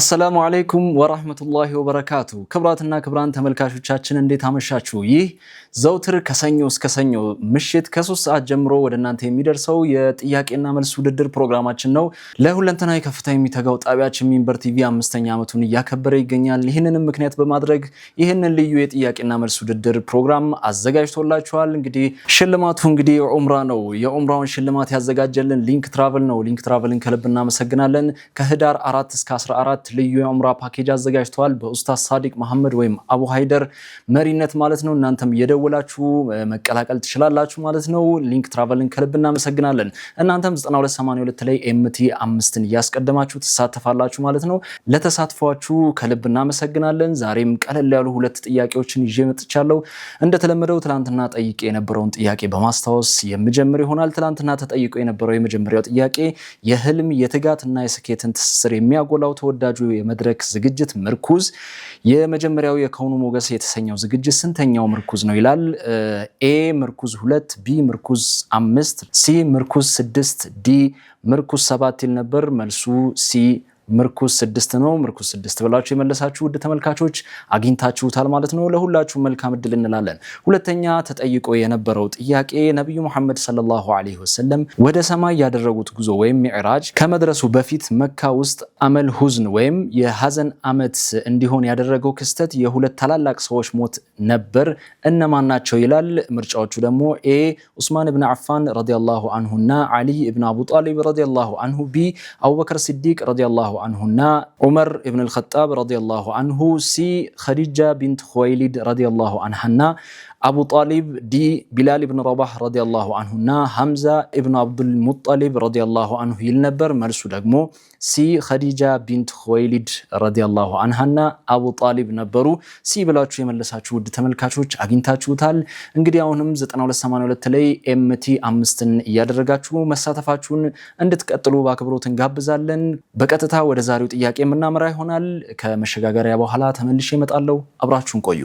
አሰላሙ አለይኩም ወራህመቱላሂ ወበረካቱ። ክብራትና ክብራን ተመልካቾቻችን እንዴት አመሻችሁ? ይህ ዘውትር ከሰኞ እስከ ሰኞ ምሽት ከሶስት ሰዓት ጀምሮ ወደ እናንተ የሚደርሰው የጥያቄና መልስ ውድድር ፕሮግራማችን ነው። ለሁለንተናዊ ከፍታ የሚተጋው ጣቢያችን ሚንበር ቲቪ አምስተኛ ዓመቱን እያከበረ ይገኛል። ይህንንም ምክንያት በማድረግ ይህንን ልዩ የጥያቄና መልስ ውድድር ፕሮግራም አዘጋጅቶላችኋል። እንግዲህ ሽልማቱ እንግዲህ ዑምራ ነው። የዑምራውን ሽልማት ያዘጋጀልን ሊንክ ትራቨል ነው። ሊንክ ትራቨልን ከልብ እናመሰግናለን። ከህዳር 4 እስከ 14 ልዩ የዑምራ ፓኬጅ አዘጋጅተዋል። በኡስታዝ ሳዲቅ መሐመድ ወይም አቡ ሀይደር መሪነት ማለት ነው። እናንተም እየደወላችሁ መቀላቀል ትችላላችሁ ማለት ነው። ሊንክ ትራቨልን ከልብ እናመሰግናለን። እናንተም 9282 ላይ ኤምቲ አምስትን እያስቀደማችሁ ትሳተፋላችሁ ማለት ነው። ለተሳትፏችሁ ከልብ እናመሰግናለን። ዛሬም ቀለል ያሉ ሁለት ጥያቄዎችን ይዤ መጥቻለሁ። እንደተለመደው ትናንትና ጠይቄ የነበረውን ጥያቄ በማስታወስ የምጀምር ይሆናል። ትላንትና ተጠይቆ የነበረው የመጀመሪያው ጥያቄ የህልም እና የስኬትን ትስስር የሚያጎላው ተወዳጁ የመድረክ ዝግጅት ምርኩዝ የመጀመሪያው የከውኑ ሞገስ የተሰኘው ዝግጅት ስንተኛው ምርኩዝ ነው ይላል። ኤ ምርኩዝ ሁለት፣ ቢ ምርኩዝ አምስት፣ ሲ ምርኩዝ ስድስት፣ ዲ ምርኩዝ ሰባት ይል ነበር። መልሱ ሲ ምርኩስ ስድስት ነው። ምርኩስ ስድስት ብላችሁ የመለሳችሁ ውድ ተመልካቾች አግኝታችሁታል ማለት ነው። ለሁላችሁም መልካም እድል እንላለን። ሁለተኛ ተጠይቆ የነበረው ጥያቄ ነቢዩ መሐመድ ሰለላሁ ዐለይሂ ወሰለም ወደ ሰማይ ያደረጉት ጉዞ ወይም ሚዕራጅ ከመድረሱ በፊት መካ ውስጥ አመል ሁዝን ወይም የሐዘን አመት እንዲሆን ያደረገው ክስተት የሁለት ታላላቅ ሰዎች ሞት ነበር። እነማን ናቸው ይላል። ምርጫዎቹ ደግሞ ኤ ዑስማን ብን አፋን አንሁ አንሁና አሊይ ብን አቡ ጣሊብ ረዲየላሁ አንሁ፣ ቢ አቡበከር ሲዲቅ ረዲየላሁ عنهن عمر بن الخطاب رضي الله عنه سي خديجة بنت خويلد رضي الله عنهن አቡ ጣሊብ ዲ ቢላል ብን ረባህ ረዲያላሁ አንሁ እና ሐምዛ ኢብን አብዱልሙጠሊብ ረዲያላሁ አንሁ ይል ነበር። መልሱ ደግሞ ሲ ኸዲጃ ቢንት ኹወይሊድ ረዲያላሁ አንሃና አቡ ጣሊብ ነበሩ። ሲ ብላችሁ የመለሳችሁ ውድ ተመልካቾች አግኝታችሁታል። እንግዲህ አሁንም 9282 ላይ ኤምቲ አምስትን እያደረጋችሁ መሳተፋችሁን እንድትቀጥሉ በአክብሮት እንጋብዛለን። በቀጥታ ወደ ዛሬው ጥያቄ የምናመራ ይሆናል። ከመሸጋገሪያ በኋላ ተመልሼ እመጣለሁ። አብራችሁን ቆዩ።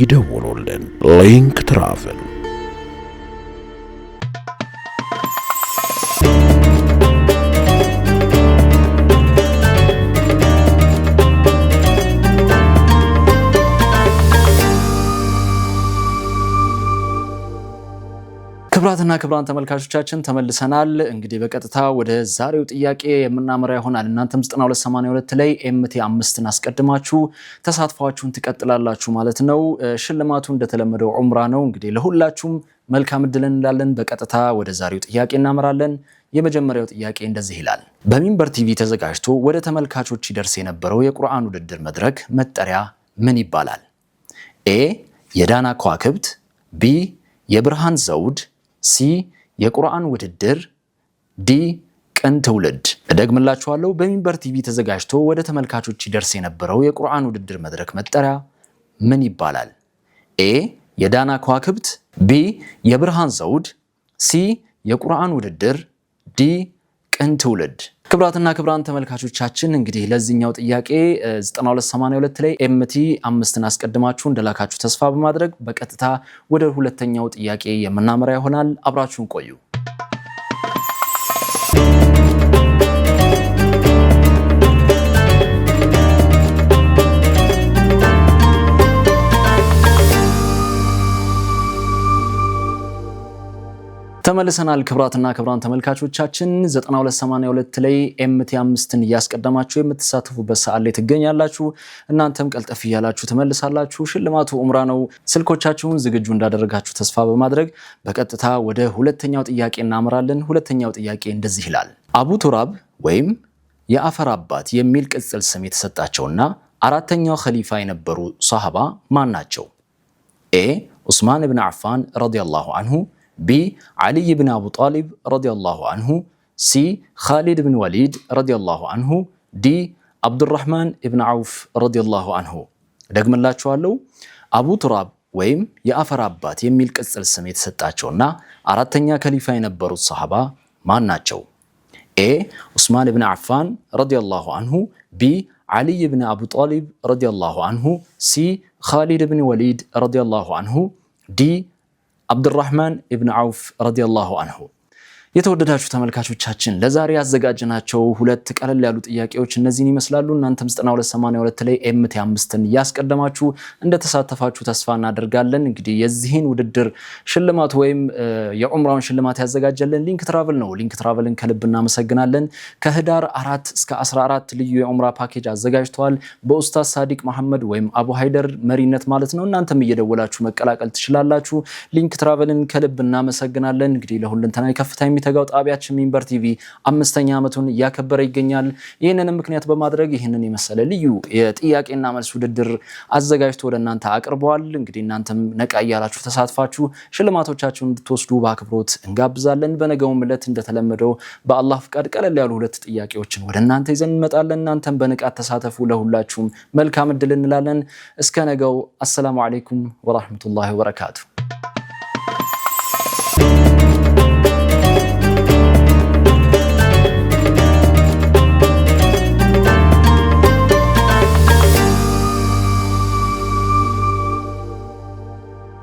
ይደውሉልን። ሊንክ ትራቭል ክቡራትና ክቡራን ተመልካቾቻችን ተመልሰናል። እንግዲህ በቀጥታ ወደ ዛሬው ጥያቄ የምናመራ ይሆናል። እናንተም 9282 ላይ ኤምቲ አምስትን አስቀድማችሁ ተሳትፏችሁን ትቀጥላላችሁ ማለት ነው። ሽልማቱ እንደተለመደው ዑምራ ነው። እንግዲህ ለሁላችሁም መልካም እድል እንላለን። በቀጥታ ወደ ዛሬው ጥያቄ እናመራለን። የመጀመሪያው ጥያቄ እንደዚህ ይላል። በሚንበር ቲቪ ተዘጋጅቶ ወደ ተመልካቾች ይደርስ የነበረው የቁርአን ውድድር መድረክ መጠሪያ ምን ይባላል? ኤ የዳና ከዋክብት፣ ቢ የብርሃን ዘውድ ሲ የቁርአን ውድድር፣ ዲ ቀን ትውልድ። እደግምላችኋለሁ። በሚንበር ቲቪ ተዘጋጅቶ ወደ ተመልካቾች ይደርስ የነበረው የቁርአን ውድድር መድረክ መጠሪያ ምን ይባላል? ኤ የዳና ከዋክብት፣ ቢ የብርሃን ዘውድ፣ ሲ የቁርአን ውድድር፣ ዲ ቀን ትውልድ። ክብራትና ክብራን ተመልካቾቻችን እንግዲህ ለዚህኛው ጥያቄ 9282 ላይ ኤምቲ አምስትን አስቀድማችሁ እንደላካችሁ ተስፋ በማድረግ በቀጥታ ወደ ሁለተኛው ጥያቄ የምናመራ ይሆናል። አብራችሁን ቆዩ። ተመልሰናል ክብራትና ክብራን ተመልካቾቻችን 9282 ላይ ኤምቲ አምስትን እያስቀደማችሁ የምትሳተፉበት ሰዓት ላይ ትገኛላችሁ። እናንተም ቀልጠፍ እያላችሁ ትመልሳላችሁ። ሽልማቱ ኡምራ ነው። ስልኮቻችሁን ዝግጁ እንዳደረጋችሁ ተስፋ በማድረግ በቀጥታ ወደ ሁለተኛው ጥያቄ እናምራለን። ሁለተኛው ጥያቄ እንደዚህ ይላል። አቡ ቱራብ ወይም የአፈር አባት የሚል ቅጽል ስም የተሰጣቸውና አራተኛው ኸሊፋ የነበሩ ሰሃባ ማን ናቸው? ኤ ዑስማን ብን አፋን ረዲየላሁ አንሁ ቢ ዓሊይ ብን አቡ ጣሊብ ረዲየላሁ አንሁ፣ ሲ ኻሊድ ብን ወሊድ ረዲየላሁ አንሁ፣ ዲ አብዱራህማን እብን ዐውፍ ረዲየላሁ አንሁ። ደግምላችኋለሁ። አቡ ቱራብ ወይም የአፈር አባት የሚል ቅጽል ስም የተሰጣቸውና አራተኛ ከሊፋ የነበሩት ሰሃባ ማን ናቸው? ኤ ዑስማን ብን አፋን ረዲየላሁ አንሁ፣ ቢ ዓሊይ ብን አቡ ጣሊብ ረዲየላሁ አንሁ፣ ሲ ኻሊድ ብን ወሊድ ረዲየላሁ አንሁ፣ ዲ عبد الرحمن بن عوف رضي الله عنه የተወደዳችሁ ተመልካቾቻችን ለዛሬ ያዘጋጅናቸው ሁለት ቀለል ያሉ ጥያቄዎች እነዚህን ይመስላሉ። እናንተም 9282 ላይ ኤምቲ አምስትን እያስቀደማችሁ እንደተሳተፋችሁ ተስፋ እናደርጋለን። እንግዲህ የዚህን ውድድር ሽልማት ወይም የዑምራውን ሽልማት ያዘጋጀልን ሊንክ ትራቭል ነው። ሊንክ ትራቭልን ከልብ እናመሰግናለን። ከህዳር አራት እስከ 14 ልዩ የዑምራ ፓኬጅ አዘጋጅተዋል። በኡስታዝ ሳዲቅ መሐመድ ወይም አቡ ሀይደር መሪነት ማለት ነው። እናንተም እየደወላችሁ መቀላቀል ትችላላችሁ። ሊንክ ትራቭልን ከልብ እናመሰግናለን። እንግዲህ ለሁለንተናዊ ከፍታ የሚተጋው ጣቢያችን ሚንበር ቲቪ አምስተኛ ዓመቱን እያከበረ ይገኛል። ይህንንም ምክንያት በማድረግ ይህንን የመሰለ ልዩ የጥያቄና መልስ ውድድር አዘጋጅቶ ወደ እናንተ አቅርበዋል። እንግዲህ እናንተም ነቃ እያላችሁ ተሳትፋችሁ ሽልማቶቻችሁን እንድትወስዱ በአክብሮት እንጋብዛለን። በነገውም ዕለት እንደተለመደው በአላህ ፍቃድ ቀለል ያሉ ሁለት ጥያቄዎችን ወደ እናንተ ይዘን እንመጣለን። እናንተም በንቃት ተሳተፉ። ለሁላችሁም መልካም እድል እንላለን። እስከ ነገው አሰላሙ አለይኩም ወራህመቱላሂ ወበረካቱ።